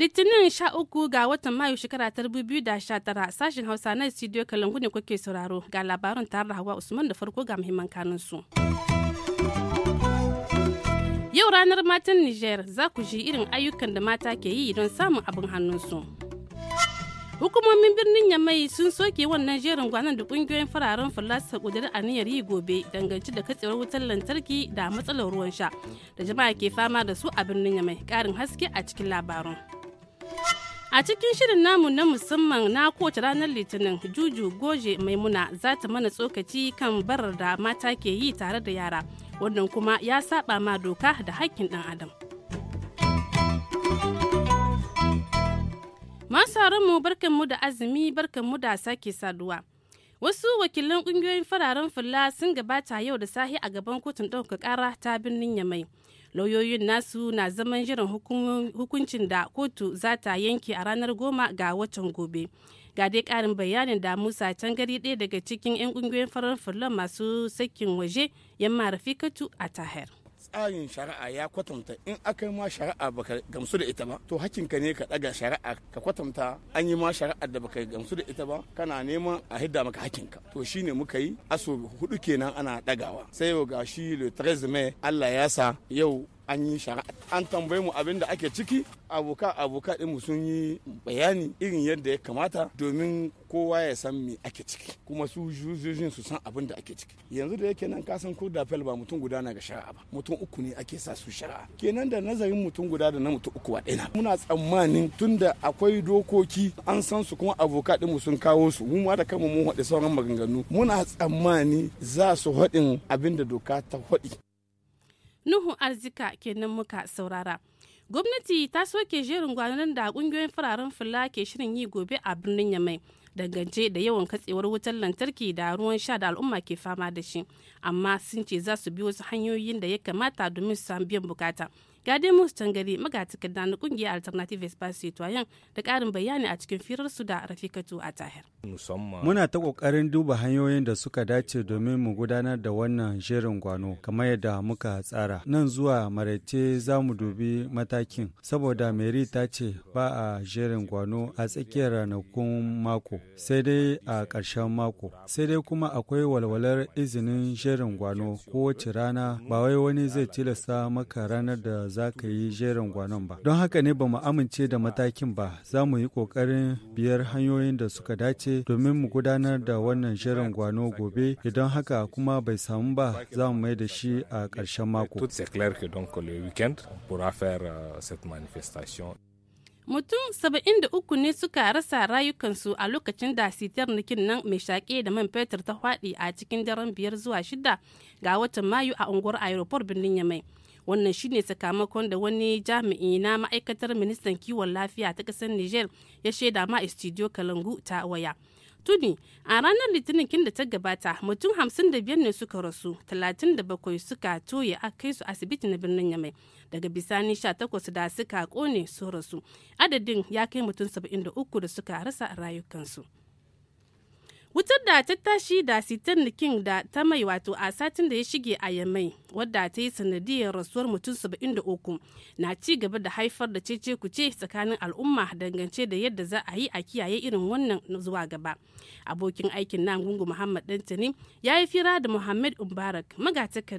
Litinin sha uku ga watan Mayu shekara ta biyu da sha tara sashen Hausa na studio Kalangu ne kuke sauraro ga labarin tare da Hawa Usman da farko ga muhimman su. Yau ranar matan Niger za ku ji irin ayyukan da mata ke yi don samun abin hannunsu. su. hukumomin birnin yamai sun soke wannan jerin gwanon da kungiyoyin fararen fulla su kudiri aniyar yi gobe dangance da katsewar wutar lantarki da matsalar ruwan sha da jama'a ke fama da su a birnin yamai karin haske a cikin labarun a cikin shirin namu na musamman na kowace ranar litinin juju goje maimuna za ta mana tsokaci kan barar da mata ke yi tare da yara wannan kuma ya saba ma doka da hakkin dan adam sauraron mu da azumi barkan mu da sake saduwa. Wasu wakilan kungiyoyin fararen fulla sun gabata yau da sahi a gaban kotun ɗaukar ƙara ta birnin Yamai. Lauyoyin nasu na zaman jiran hukuncin da kotu za ta yanke a ranar goma ga watan gobe. Ga dai ƙarin bayanin da Musa Tangari ɗaya daga cikin 'yan kungiyoyin fararen fulla masu sakin waje yamma Rafikatu a Tahir. tsarin shari'a ya kwatanta in aka yi ma shari'a baka gamsu da ita ba to hakinka ne ka daga shari'a ka kwatanta an yi ma shari'a da baka gamsu da ita ba kana neman a hidda maka hakinka to shine muka yi aso hudu kenan ana dagawa sai yau gashi le 13 mai Allah ya sa yau an yi shari'a an tambaye mu abin da ake ciki abuka abuka ɗinmu sun yi bayani irin yadda ya kamata domin kowa ya san me ake ciki kuma su jujujin su san abin da ake ciki yanzu da yake nan kasan ko da ba mutum guda na ga shari'a ba mutum uku ne ake sa su shari'a kenan da nazarin mutum guda da na mutum uku wa muna tsammanin tunda akwai dokoki an san su kuma abuka ɗinmu sun kawo su mu ma da kanmu mun haɗe sauran maganganu muna tsammani za su haɗin abin da doka ta haɗi. Nuhu Arzika kenan muka saurara. gwamnati ta soke jerin gwanonin da kungiyoyin fararen fula ke shirin yi gobe a birnin yamai dangance da yawan katsewar wutar lantarki da ruwan sha da al'umma ke fama da shi amma sun ce za su bi wasu hanyoyin da ya kamata domin su biyan bukata ga dai musu tangari magatakarda na kungiyar alternative espace citoyen da karin bayani a cikin su da rafikatu a tahir muna ta kokarin duba hanyoyin da suka dace domin mu gudanar da wannan jerin gwano kamar yadda muka tsara nan zuwa maraice za mu dubi matakin saboda mary ta ce ba a jerin gwano a tsakiyar ranakun mako sai dai a karshen mako sai dai kuma akwai walwalar izinin jerin gwano kowace rana ba wai wani zai tilasta maka ranar da za ka yi jerin gwanon ba don haka ne ba mu amince da matakin ba za mu yi ƙoƙarin biyar hanyoyin da suka dace domin mu gudanar da wannan jerin gwano gobe idan haka kuma bai samu ba za mu mai da shi a ƙarshen mako euh, mutum 73 ne suka rasa rayukansu a lokacin da sitar nikin nan mai shaƙe da man fetur ta faɗi a cikin daren biyar zuwa shida ga watan mayu a unguwar aeroport birnin yamai wannan shine sakamakon da wani jami'i na ma'aikatar ministan kiwon lafiya ta ƙasar niger ya shaida ma studio kalangu ta waya tuni a ranar litinin kin da ta gabata mutum hamsin da biyar ne suka rasu talatin da bakwai suka toye a kai su asibiti na birnin yamai daga bisani takwas da suka kone su rasu adadin ya kai mutum saba'in da uku da suka rasa rayukansu. wutar da ta tashi da sitan nikin da ta mai wato a satin da ya shige a yamai wadda ta yi sanadiyar rasuwar mutum 73 na ci gaba da haifar da cece kuce tsakanin al'umma dangance da yadda za a yi a kiyaye irin wannan zuwa gaba abokin aikin nan gungu muhammad dantani ya yi fira da muhammad umbarak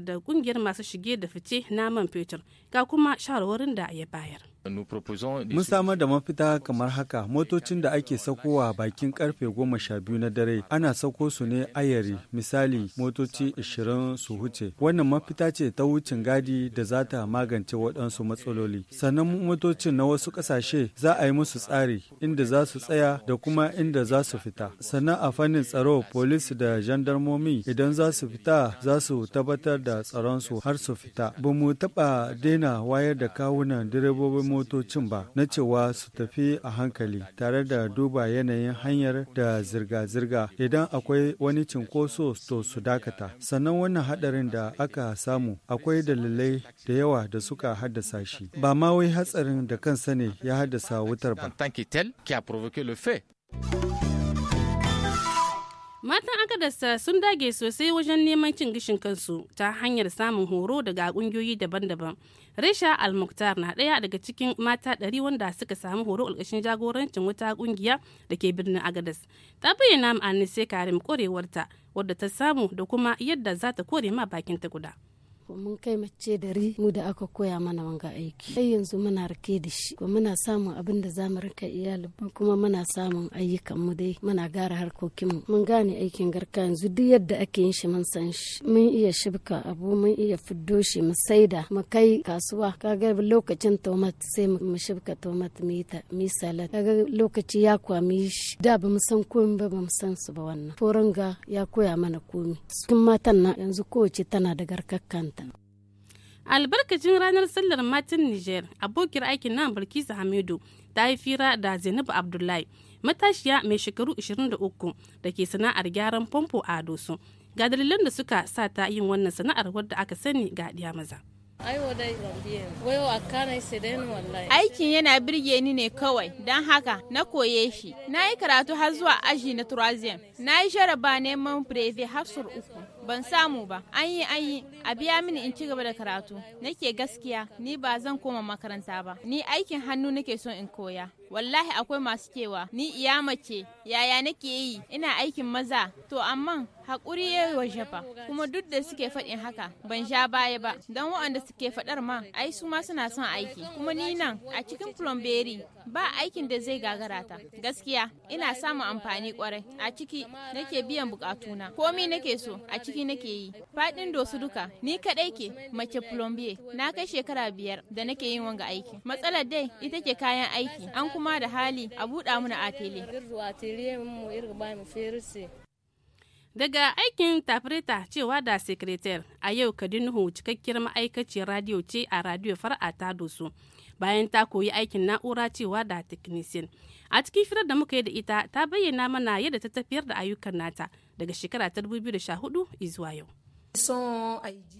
da kungiyar masu shige da fice na man fetur ga kuma shawarwarin da ya bayar Mun samar da mafita kamar haka motocin da ake sakowa bakin karfe goma sha biyu na dare ana sako su ne ayari misali motoci ashirin su huce wannan mafita ce ta wucin gadi da za ta magance waɗansu matsaloli sannan motocin na wasu ƙasashe za a yi musu tsari inda za su tsaya da kuma inda za su fita sannan a fannin tsaro polis da jandarmomi idan za su fita za su tabbatar da tsaron su har su fita ba mu taɓa daina wayar da kawunan direbobin motocin ba na cewa su tafi a hankali tare da duba yanayin hanyar da zirga-zirga idan akwai wani cinkoso to su dakata sannan wannan hadarin da aka samu akwai dalilai da yawa da suka haddasa shi ba ma wai hatsarin da kansa ne ya haddasa wutar ba Matan Akadarsa sun dage sosai wajen neman cin gishin kansu ta hanyar samun horo daga ƙungiyoyi daban-daban. Risha Almuktar na ɗaya daga cikin mata ɗari wanda suka samu horo ƙarƙashin jagorancin wata ƙungiya da ke birnin Agadas. Ta bayyana ma sai Karim ƙwarewarta wadda ta samu da kuma yadda za ta kore ma bakin ta guda. ko mun kai mace dari mu da aka koya mana wanga aiki ai yanzu muna rike da shi ko muna samun abin da zamu rika iyali kuma muna samun ayyukan mu dai muna gara harkokin mu mun gane aikin garka yanzu duk yadda ake yin shi mun san shi mun iya shibka abu mun iya fiddo shi mu saida mu kai kasuwa kaga lokacin tomat sai mu shibka tomat mu yi ta mu salad kaga lokaci ya kwami shi da ba mu san komai ba ba mu san su ba wannan foranga ya koya mana komi cikin matan na yanzu kowace tana da garkakkanta albarkacin ranar sallar matan niger abokiyar aikin nan barkisa hamidu ta yi fira da zainabu abdullahi matashiya mai shekaru 23 da ke sana'ar gyaran famfo a Adosu. ga dalilan da suka sa ta yin wannan sana'ar wadda aka sani ga ɗiya maza Aikin yana birge ni ne kawai, don haka na koye shi. Na yi karatu har zuwa aji na Turaziyam. Na yi jaraba neman breve har sur uku. ban samu ba an yi an yi a biya mini in ci gaba da karatu nake gaskiya ni ba zan koma makaranta ba ni aikin hannu nake son in koya wallahi akwai masu cewa ni iya mace yaya nake yi ina aikin maza to amma hakuri ya washe fa kuma duk da suke faɗin haka ban sha baya ba don waɗanda suke faɗar ma ai su ma suna son aiki kuma ni nan a cikin plumberi ba aikin da zai gagara ta gaskiya ina samun amfani kwarai a ciki nake biyan bukatuna komi nake so a ciki nake yi faɗin dosu duka ni kaɗai ke mace plombier na kai shekara biyar da nake yin wanga aiki matsalar dai ita ke kayan aiki an kuma kuma da hali a buɗa mana atele. Daga aikin tafireta cewa da sekretar a yau Kadinuhu cikakkiyar ma'aikaciyar radiyo ce a radiyo far'a ta doso bayan ta koyi aikin na'ura cewa da technician. A cikin firar da muka yi da ita ta bayyana mana yadda ta tafiyar da ayyukan nata daga shekara ta 2014 zuwa yau.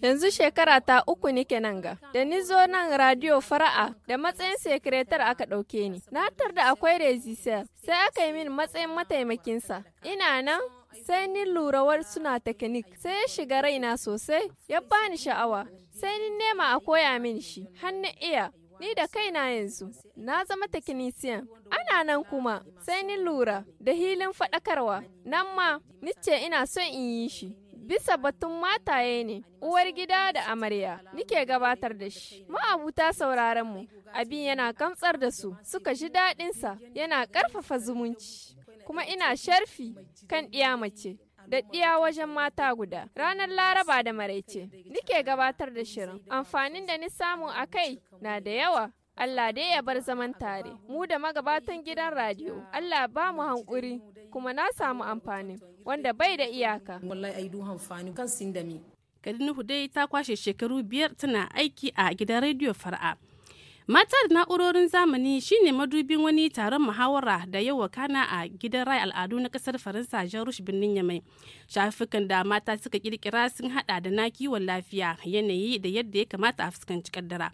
Yanzu shekara ta uku nike nan ga. Da ni zo nan radio fara'a da matsayin sekretar aka ɗauke ni. Na da akwai rezisiyar. sai aka yi min matsayin mataimakinsa. Ina nan sai ni lurawar suna teknik sai ya shiga raina sosai ya bani sha'awa sai ni nema a koya min shi hannu iya ni da kaina yanzu na zama teknisiyan ana nan kuma sai ni lura da hilin faɗakarwa nan ma nice ina son in yi shi bisa batun mataye ne uwar gida da amarya nike gabatar da shi ta sauraron mu abin yana kamtsar da su suka ji daɗinsa yana ƙarfafa zumunci kuma ina sharfi kan ɗiya mace da ɗiya wajen mata guda ranar laraba da maraice nike gabatar da shirin amfanin da ni samu a kai na da yawa Allah dai ya bar zaman tare mu da magabatan gidan radiyo Allah ba mu hankuri kuma na samu amfani. wanda bai da iyaka. Wallahi kan Kadinuhu dai ta kwashe shekaru biyar tana aiki a gidan rediyo Far'a. Mata da na'urorin zamani shine madubin wani taron muhawara da yau kana a gidan rai al'adu na kasar Faransa Jarush birnin Yamai. Shafukan da mata suka kirkira sun hada da na kiwon lafiya yanayi da yadda ya kamata a fuskanci kaddara.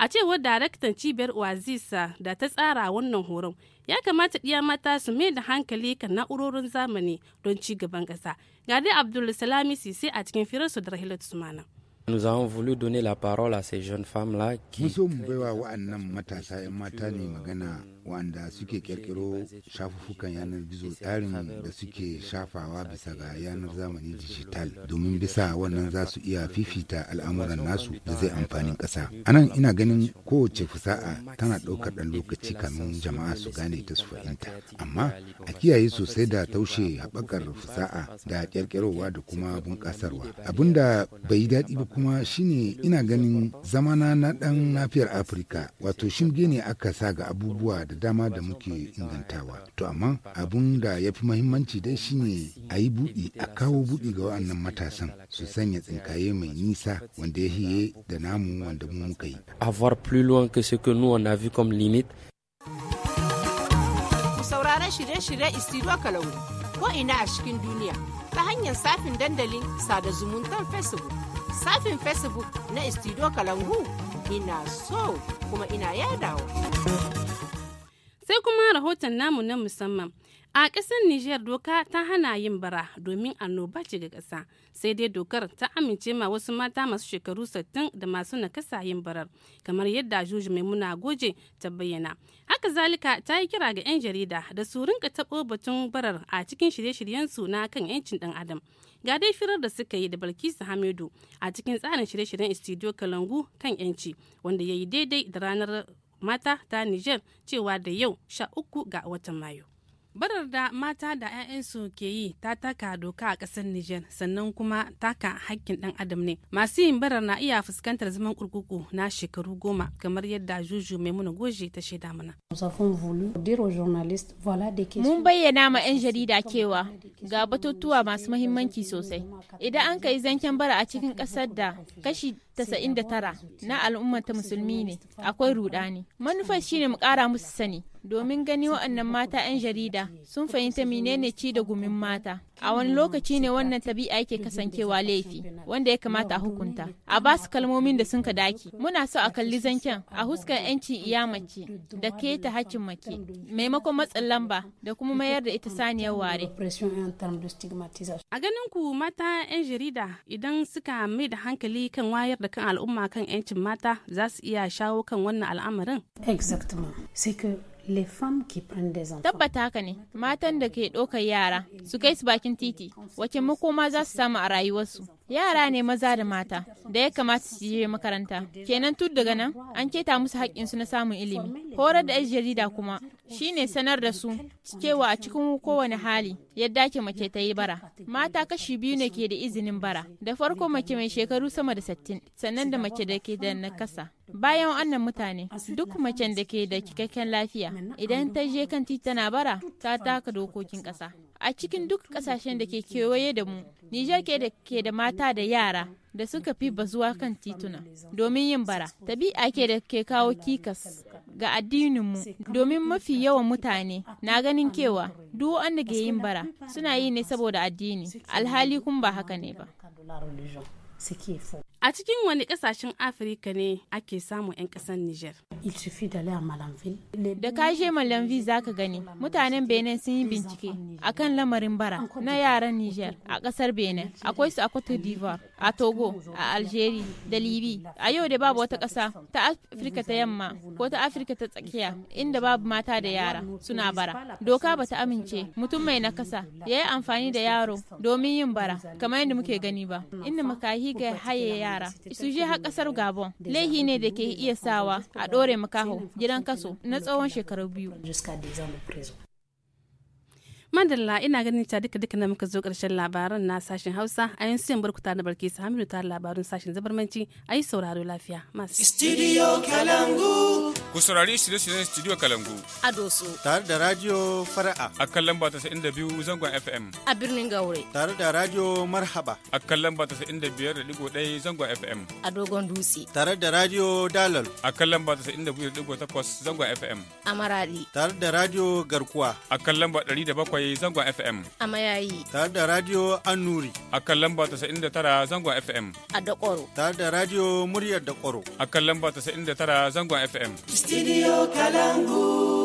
A cewar daraktan cibiyar Oasis da ta tsara wannan horon ya kamata iya mata su mai da hankali kan na'urorin zamani don ci gaban ƙasa. Ga dai Abdul Salami Sisi a cikin firarsu da Rahilatu Sumana. Nous avons voulu donner la parole à ces jeunes femmes-là qui... Mun so wa baiwa wa'annan matasa 'yan mata ne magana wanda suke kirkiro shafuffukan yanar gizo tsarin da suke shafawa bisa ga yanar zamani digital domin bisa wannan za su iya fifita al'amuran nasu da zai amfani ƙasa. Anan ina ganin kowace fusa'a tana ɗaukar ɗan lokaci kamin jama'a su gane ta su fahimta. Amma a kiyaye sosai da taushe haɓakar fusa'a da ƙirƙirowa da kuma bunƙasarwa. Abinda bai yi daɗi ba kuma shine ina ganin zamana na dan nafiyar afirka wato shimge ne aka sa ga abubuwa da dama da muke ingantawa to amma abun da ya fi mahimmanci dai shine a yi buɗi a kawo buɗi ga wa'annan matasan su sanya tsinkaye mai nisa wanda ya hiye da namu wanda mu muka yi avoir plus loin que ce que nous on shirye-shirye istiro ko ina a cikin duniya ta hanyar safin dandalin sada zumuntar facebook safin facebook na istido kalangu ina so kuma ina yadawa sai kuma rahoton namu na musamman a ƙasar niger doka ta hana yin bara domin annoba ce ga ƙasa sai dai dokar ta amince ma wasu mata masu shekaru 60 da masu nakasa yin barar kamar yadda juju muna goje ta bayyana haka zalika ta yi kira ga 'yan jarida da su rinka taɓo batun barar a cikin shirye-shiryensu na kan 'yancin ɗan adam Ga dai firar da suka yi da Balkisu Hamidu a cikin tsarin shirye-shiryen Studio Kalangu kan 'yanci wanda ya yi daidai da ranar mata ta Nijar cewa da yau 13 ga watan Mayu. barar da mata da 'ya'yansu ke yi ta taka doka a ƙasar niger sannan kuma taka hakkin ɗan adam ne. Masu yin barar na iya fuskantar zaman kurkuku na shekaru goma kamar yadda Juju muna Goji ta shaida mana. Mun bayyana ma 'yan jarida cewa ga batutuwa masu mahimmanci sosai. Idan an kai zancen bara a cikin ƙasar da kashi 99 na al'ummar ta musulmi ne akwai rudani. Manufar shine mu ƙara musu sani domin gani waɗannan mata 'yan jarida sun fahimta menene ci da gumin mata. A wani lokaci ne wannan tabi'a yake kasancewa laifi wanda ya kamata a hukunta. A ba su kalmomin da sun ka daki. Muna so a kalli zanken a huskar 'yancin iya mace da ke ta mace maimakon matsin lamba da kuma mayar da ita saniyar ware. A ganin ku mata 'yan jarida idan suka mai da hankali kan wayar da kan al'umma kan 'yancin mata za su iya shawo kan wannan al'amarin? Tabbata haka ne, matan da ke ɗaukar yara su kai su bakin titi, wace makoma za su samu a rayuwarsu. Yara ne maza da mata, da ya kamata su je makaranta. Kenan tun daga nan, an keta musu su na samun ilimi. Horar da 'yan jarida kuma, shi ne sanar da su cewa a cikin kowane hali yadda ke mace ta yi bara mata kashi biyu ne ke da izinin bara da farko mace mai shekaru sama da 60 sannan da mace da ke da nakasa Bayan wannan mutane, duk macen da ke da cikakken lafiya idan ta je kan tana bara ta taka dokokin ƙasa. A cikin duk ƙasashen da ke kewaye da mu, Nijar ke da ke da mata da yara da suka fi ba zuwa kan tituna domin yin bara. Tabi'a ke da ke kawo kikas ga addininmu domin mafi yawan mutane na ganin kewa duk wanda ke yin bara suna yi ne saboda addini alhali kun ba haka ne ba. A cikin wani kasashen Afirka ne ake samun 'yan kasar Nijar? Da ka je Malamvi za ka gani, mutanen Benin sun yi bincike a kan lamarin bara na yaran Nijar a kasar Benin. Akwai su a Cote d'Ivoire, a Togo, a Algeria, da Libi. A yau da babu wata ƙasa ta Afirka ta yamma ko ta Afirka ta tsakiya inda babu mata da yara suna bara. Doka ba ta amince mutum mai nakasa ya yi amfani da yaro domin yin bara kamar yadda muke gani ba. Inda makahi ga haye yara su je har kasar gabon laihi ne da ke iya sawa a dore makaho gidan kaso na tsawon shekaru biyu madalla ina ganin ta duka duka na muka zo karshen labaran na sashen hausa a yanzu yin barkuta na barke su hamidu ta labarun sashen zabarmanci a yi sauraro lafiya masu studio kalangu ku saurari shirye-shiryen studio kalangu a doso tare da radio fara'a a kan lamba ta inda biyu zangon fm a birnin gaure tare da radio marhaba a kan lamba ta inda biyar da digo ɗaya zangon fm a dogon dutse tare da radio dalal a kan lamba ta inda biyu da digo takwas zangon fm a maradi tare da radio garkuwa a kan lamba ɗari da bakwai bakwai zangon FM. A mayayi. Tare da Radio Annuri. A kan lamba tara zangon FM. A Dakoro. Tare da Radio Muryar Dakoro. A kan lamba tara zangon FM. Studio Kalangu.